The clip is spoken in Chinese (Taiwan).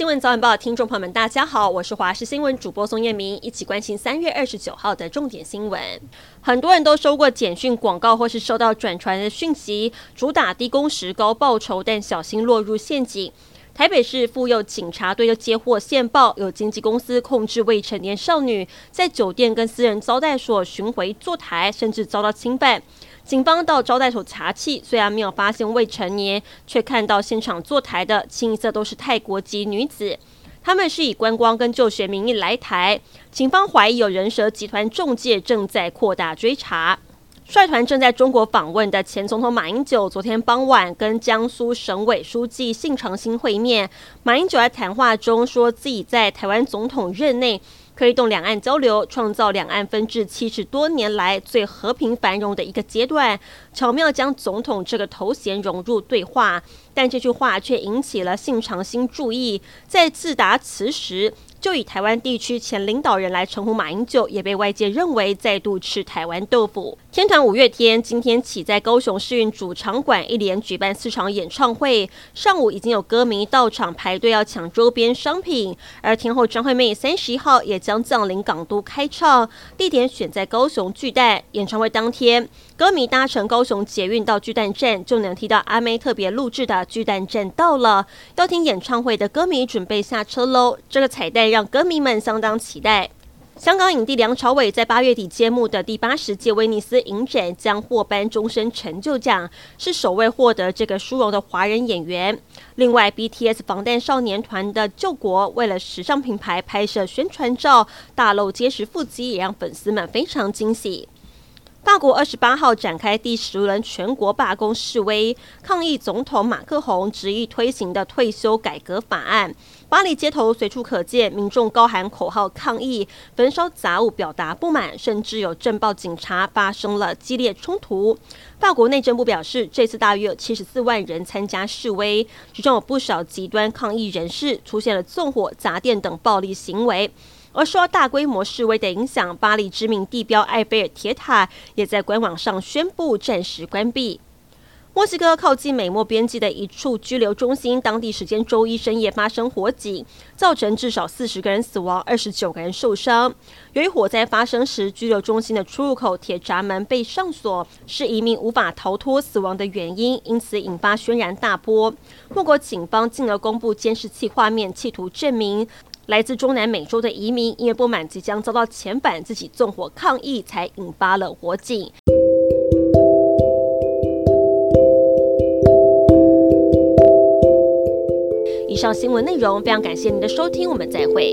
新聞早晚報，聽眾朋友們，大家好，我是華視新聞主播宋燕旻，一起關心三月二十九號的重點新聞。很多人都收過簡訊廣告，或是收到轉傳的訊息，主打低工時高報酬，但小心落入陷阱。台北市婦幼警察隊又接獲線報，有經紀公司控制未成年少女，在酒店跟私人招待所巡迴坐台，甚至遭到侵犯。警方到招待所查緝，雖然沒有發現未成年，卻看到現場坐台的清一色都是泰國籍女子。她們是以觀光跟就學名義來台，警方懷疑有人蛇集團仲介，正在擴大追查。率團正在中國訪問的前總統馬英九，昨天傍晚跟江蘇省委書記信長星會面。馬英九在談話中說自己在台灣總統任內。推動兩岸交流，創造兩岸分治七十多年來最和平繁榮的一個階段。巧妙將“總統”這個頭銜融入對話，但這句話卻引起了信長星注意。在自答詞時，就以台灣地區前領導人來稱呼馬英九，也被外界認為再度吃台灣豆腐。天團五月天今天起在高雄世運主場館一連舉辦四場演唱會，上午已經有歌迷到場排隊要搶周邊商品，而天后張惠妹三十一號也將降臨港都開唱，地點選在高雄巨蛋。演唱會當天。歌迷搭乘高雄捷運到巨蛋站，就能聽到阿妹特別錄製的“巨蛋站到了”。要聽演唱會的歌迷準備下車嘍！這個彩蛋讓歌迷們相當期待。香港影帝梁朝偉在八月底揭幕的第八十屆威尼斯影展將獲頒終身成就獎，是首位獲得這個殊榮的華人演員。另外，BTS 防彈少年團的柾國為了時尚品牌拍攝宣傳照，大露結實腹肌，也讓粉絲們非常驚喜。法國二十八號展開第十輪全國罷工示威，抗議總統馬克宏執意推行的退休改革法案。巴黎街頭隨處可見民眾高喊口號抗議，焚燒雜物表達不滿，甚至有鎮暴警察發生了激烈衝突。法國內政部表示，這次大約有七十四萬人參加示威，其中有不少極端抗議人士出現了縱火、砸店等暴力行為。而受到大規模示威的影響，巴黎知名地標埃菲爾鐵塔也在官網上宣布暫時關閉。墨西哥靠近美墨邊境的一處拘留中心，當地時間周一深夜發生火警，造成至少四十個人死亡，二十九個人受傷。由於火災發生時拘留中心的出入口鐵閘門被上鎖，是移民無法逃脫死亡的原因，因此引發軒然大波。墨國警方進而公布監視器畫面，企圖證明。來自中南美洲的移民，因為不滿即將遭到，遣返自己縱火抗議，才引發了火警。以上新聞內容非常感謝您的收聽，我們再會。